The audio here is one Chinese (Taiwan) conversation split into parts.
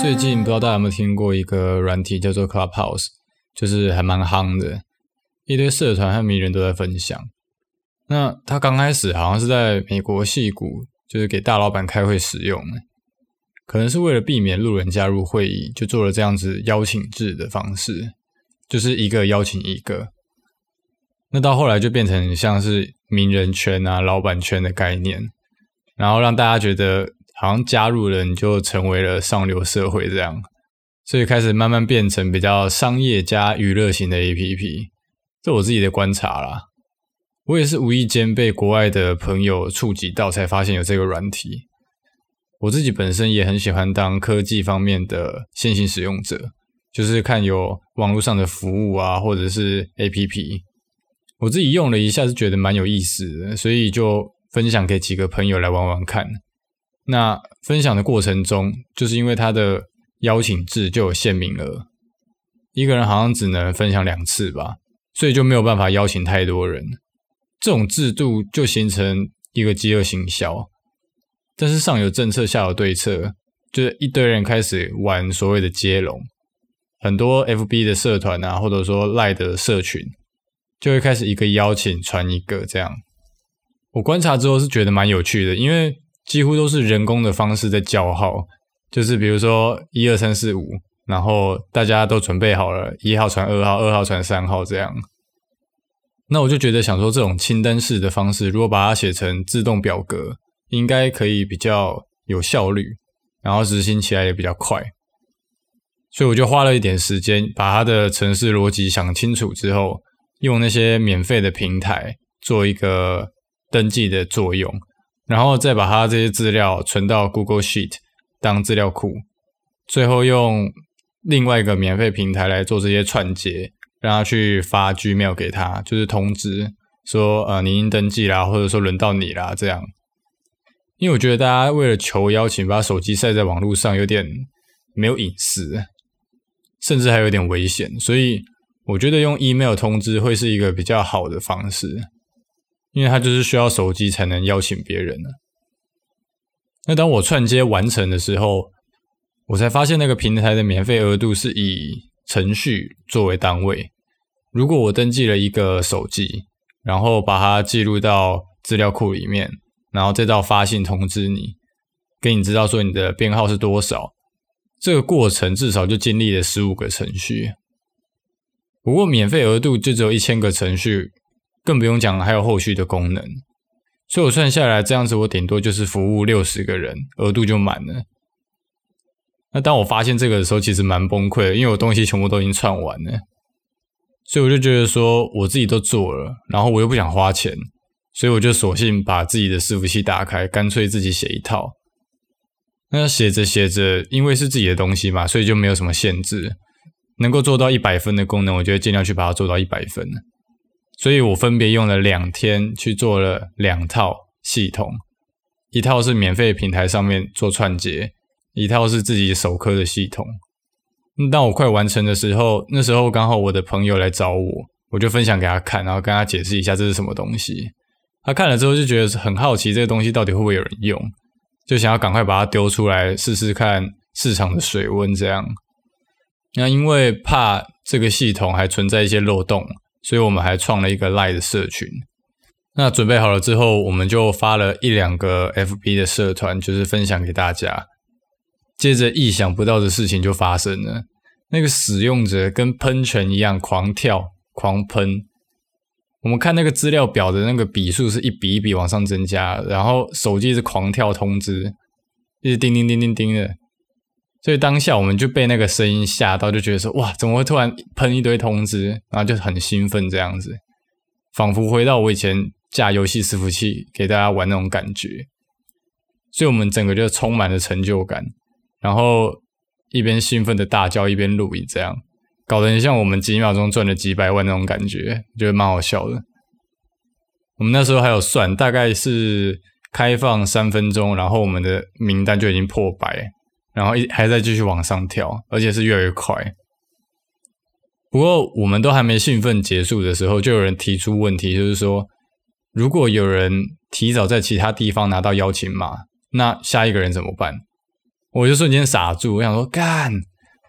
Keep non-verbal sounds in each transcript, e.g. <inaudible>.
最近不知道大家有沒有聽過一個軟體叫做 Clubhouse，就是還蠻夯的，一堆社團和名人都在分享。那他剛開始好像是在美國矽谷，就是給大老闆開會使用，可能是為了避免路人加入會議，就做了這樣子邀請制的方式。就是一個邀請一個，那到後來就變成像是名人圈啊、老闆圈的概念，然後讓大家覺得好像加入了你就成為了上流社會這樣，所以開始慢慢變成比較商業加娛樂型的 APP。這我自己的觀察啦，我也是無意間被國外的朋友觸及到，才發現有這個軟體。我自己本身也很喜歡當科技方面的先行使用者。就是看有網絡上的服務啊，或者是 APP，我自己用了一下，是覺得蠻有意思的，所以就分享給幾個朋友來玩玩看。那分享的過程中，就是因為它的邀請制就有限名額，一個人好像只能分享兩次吧，所以就沒有辦法邀請太多人。這種制度就形成一個飢餓行銷，但是上有政策，下有對策，就是一堆人開始玩所謂的接龍。很多 FB 的社團啊，或者說 Line 的社群，就會開始一個邀請傳一個這樣。我觀察之後是覺得蠻有趣的，因為幾乎都是人工的方式在叫號，就是比如說一二三四五，然後大家都準備好了，一號傳二號，二號傳三號這樣。那我就覺得想說，這種清單式的方式，如果把它寫成自動表格，應該可以比較有效率，然後執行起來也比較快。所以我就花了一點時間，把他的程式邏輯想清楚之後，用那些免費的平台做一個登記的作用，然後再把他這些資料存到 Google Sheet 當資料庫，最後用另外一個免費平台來做這些串接，讓他去發 Gmail 給他，就是通知說呃你已經登記啦，或者說輪到你啦這樣。因為我覺得大家為了求邀請把手機曬在網絡上有點沒有隱私。甚至還有點危險，所以我覺得用 email 通知會是一個比較好的方式，因為它就是需要手機才能邀請別人。那當我串接完成的時候，我才發現那個平台的免費額度是以程序，作為單位。如果我登記了一個手機，然後把它記錄到資料庫裡面，然後再到發信通知你，給你知道說你的編號是多少。這個過程至少就經歷了十五個程序，不過免費額度就只有一千個程序，更不用講還有後續的功能。所以我算下來這樣子，我頂多就是服務六十個人，額度就滿了。那當我發現這個的時候，其實蠻崩潰的，因為我東西全部都已經串完了。所以我就覺得說，我自己都做了，然後我又不想花錢，所以我就索性把自己的伺服器打開，乾脆自己寫一套。那寫着寫着，因為是自己的東西嘛，所以就沒有什麼限制，能夠做到一百分的功能，我覺得盡量去把它做到一百分。所以我分別用了兩天去做了兩套系統，一套是免費平台上面做串接，一套是自己手刻的系統。那當我快完成的時候，那時候剛好我的朋友來找我，我就分享給他看，然後跟他解釋一下這是什麼東西。他看了之後就覺得很好奇，這個東西到底會不會有人用？就想要趕快把它丟出來試試看市場的水溫，這樣。那因為怕這個系統還存在一些漏洞，所以我們還創了一個 LINE 的社群。那準備好了之後，我們就發了一兩個 FB 的社團，就是分享給大家。接着，意想不到的事情就發生了，那個使用者跟噴泉一樣狂跳狂噴。我們看那個資料表的那個筆數是一筆一筆往上增加，然後手機是狂跳通知，一直叮叮叮叮叮叮的，所以當下我們就被那個聲音嚇到，就覺得說哇，怎麼會突然噴一堆通知？然後就很興奮這樣子，仿佛回到我以前架遊戲伺服器給大家玩那種感覺，所以我們整個就充滿了成就感，然後一邊興奮的大叫一邊錄影這樣。搞得很像我們幾秒鐘賺了幾百萬那種感覺，覺得蠻好笑的。我們那時候還有算，大概是開放三分鐘，然後我們的名單就已經破百，然後一還在繼續往上跳，而且是越來越快。不過我們都還沒興奮結束的時候，就有人提出問題，就是說，如果有人提早在其他地方拿到邀請碼，那下一個人怎麼辦？我就瞬間傻住，我想說幹。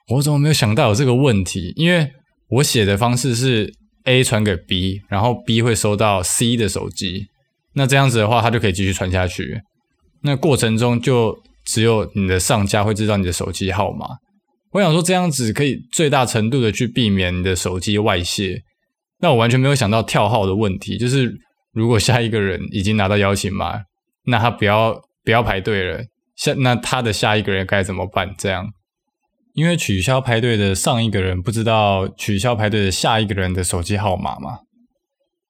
我怎麼沒有想到有這個問題？因為我寫的方式是 A 傳給 B，然後 B 會收到 C 的手機，那這樣子的話，它就可以繼續傳下去。那過程中就只有你的上家會知道你的手機號碼。我想說這樣子可以最大程度的去避免你的手機外洩。那我完全沒有想到跳號的問題，就是如果下一個人已經拿到邀請碼，那他不要不要排隊了，下那他的下一個人該怎麼辦？這樣。因為取消排隊的上一個人不知道取消排隊的下一個人的手機號碼嘛，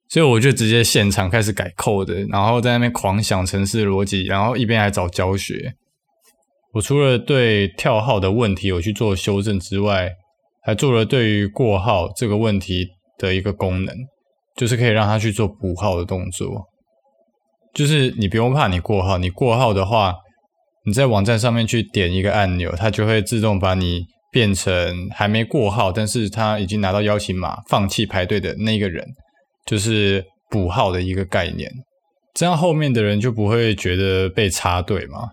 所以我就直接現場開始改 code，然後在那邊狂想程式邏輯，然後一邊還找教學。我除了對跳號的問題有去做修正之外，還做了對於過號這個問題的一個功能，就是可以讓他去做補號的動作。就是你不用怕你過號，你過號的話。你在網站上面去點一個按鈕，它就會自動把你變成還沒過號，但是他已經拿到邀請碼，放棄排隊的那個人，就是補號的一個概念。這樣後面的人就不會覺得被插隊嘛。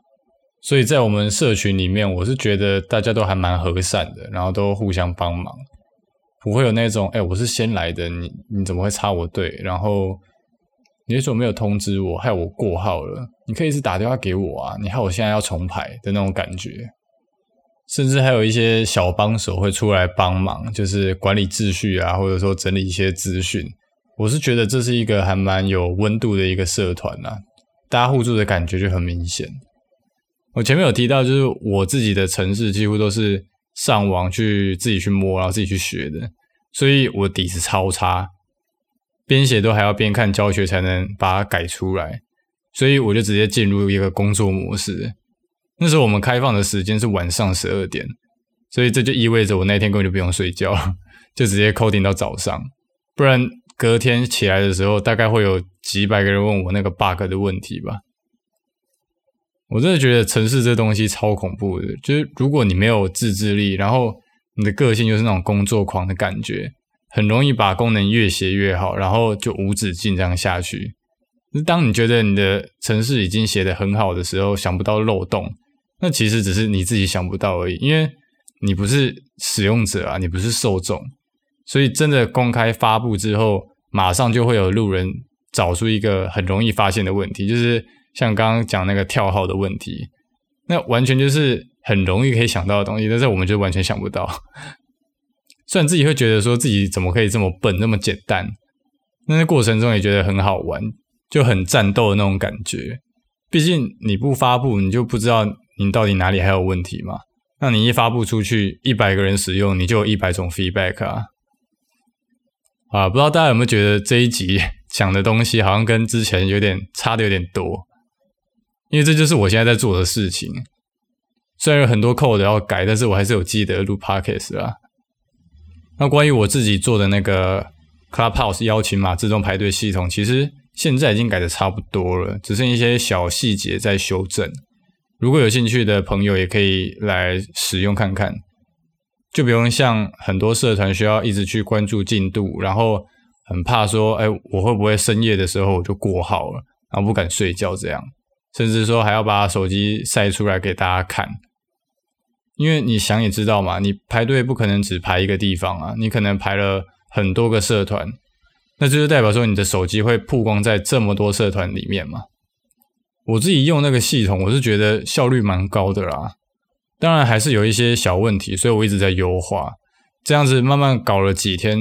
所以在我們社群裡面，我是覺得大家都還蠻和善的，然後都互相幫忙，不會有那種誒、欸、我是先來的，你你怎麼會插我隊？然後。你那時候沒有通知我？害我過號了！你可以是打電話給我啊！你害我現在要重排的那種感覺，甚至還有一些小幫手會出來幫忙，就是管理秩序啊，或者說整理一些資訊。我是覺得這是一個還蠻有溫度的一個社團啦、啊，大家互助的感覺就很明顯。我前面有提到，就是我自己的程式幾乎都是上網去自己去摸，然後自己去學的，所以我底子超差。邊寫都還要邊看教學才能把它改出來，所以我就直接進入一個工作模式。那時候我們開放的時間是晚上十二點，所以這就意味着我那天根本就不用睡覺，就直接 coding 到早上。不然隔天起來的時候，大概會有幾百個人問我那個 bug 的問題吧。我真的覺得程式這東西超恐怖的，就是如果你沒有自制力，然後你的個性又是那種工作狂的感覺。很容易把功能越寫越好，然後就無止境這樣下去。當你覺得你的程式已經寫得很好的時候，想不到漏洞，那其實只是你自己想不到而已。因為你不是使用者啊，你不是受眾，所以真的公開發布之後，馬上就會有路人找出一個很容易發現的問題，就是像剛剛講那個跳號的問題，那完全就是很容易可以想到的東西，但是我們就完全想不到。雖然自己會覺得說自己怎麼可以這麼笨，那麼簡單，但在過程中也覺得很好玩，就很戰鬥的那種感覺。畢竟你不發布，你就不知道你到底哪裡還有問題嘛。那你一發布出去，一百個人使用，你就有一百種 feedback 啊！啊，不知道大家有沒有覺得這一集講 <laughs> 的東西好像跟之前有點差的有點多？因為這就是我現在在做的事情。雖然有很多 code 要改，但是我還是有記得錄 podcast 啊。那關於我自己做的那個 Clubhouse 邀請碼自動排隊系統，其實現在已經改的差不多了，只剩一些小細節在修正。如果有興趣的朋友，也可以來使用看看。就比如像很多社團需要一直去關注進度，然後很怕說，哎、欸，我會不會深夜的時候我就過號了，然後不敢睡覺這樣，甚至說還要把手機曬出來給大家看。因為你想也知道嘛，你排隊不可能只排一個地方啊，你可能排了很多個社團，那就是代表說你的手機會曝光在這麼多社團裡面嘛。我自己用那個系統，我是覺得效率蠻高的啦，當然還是有一些小問題，所以我一直在優化。這樣子慢慢搞了幾天，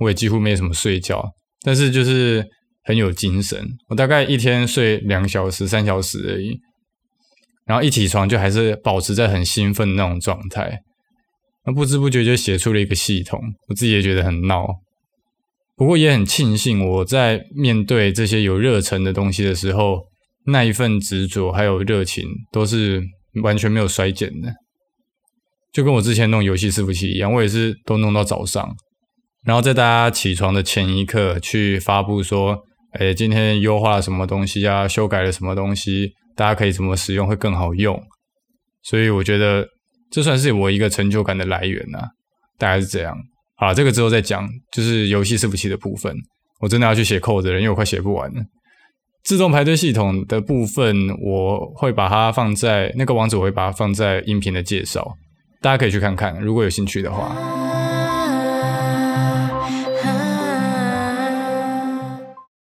我也幾乎沒什麼睡覺，但是就是很有精神。我大概一天睡兩小時、三小時而已。然後一起床就還是保持在很興奮那種狀態，那不知不覺就寫出了一個系統，我自己也覺得很鬧，不過也很慶幸我在面對這些有熱忱的東西的時候，那一份執着還有熱情都是完全沒有衰減的，就跟我之前弄遊戲伺服器一樣，我也是都弄到早上，然後在大家起床的前一刻去發佈說。誒今天優化了什麼東西呀、啊？修改了什麼東西？大家可以怎麼使用會更好用？所以我覺得這算是我一個成就感的來源吶、啊。大概是這樣。好，這個之後再講，就是遊戲伺服器的部分。我真的要去寫 code 了，因為我快寫不完了。自動排隊系統的部分，我會把它放在那個網址，我會把它放在音頻的介紹，大家可以去看看，如果有興趣的話。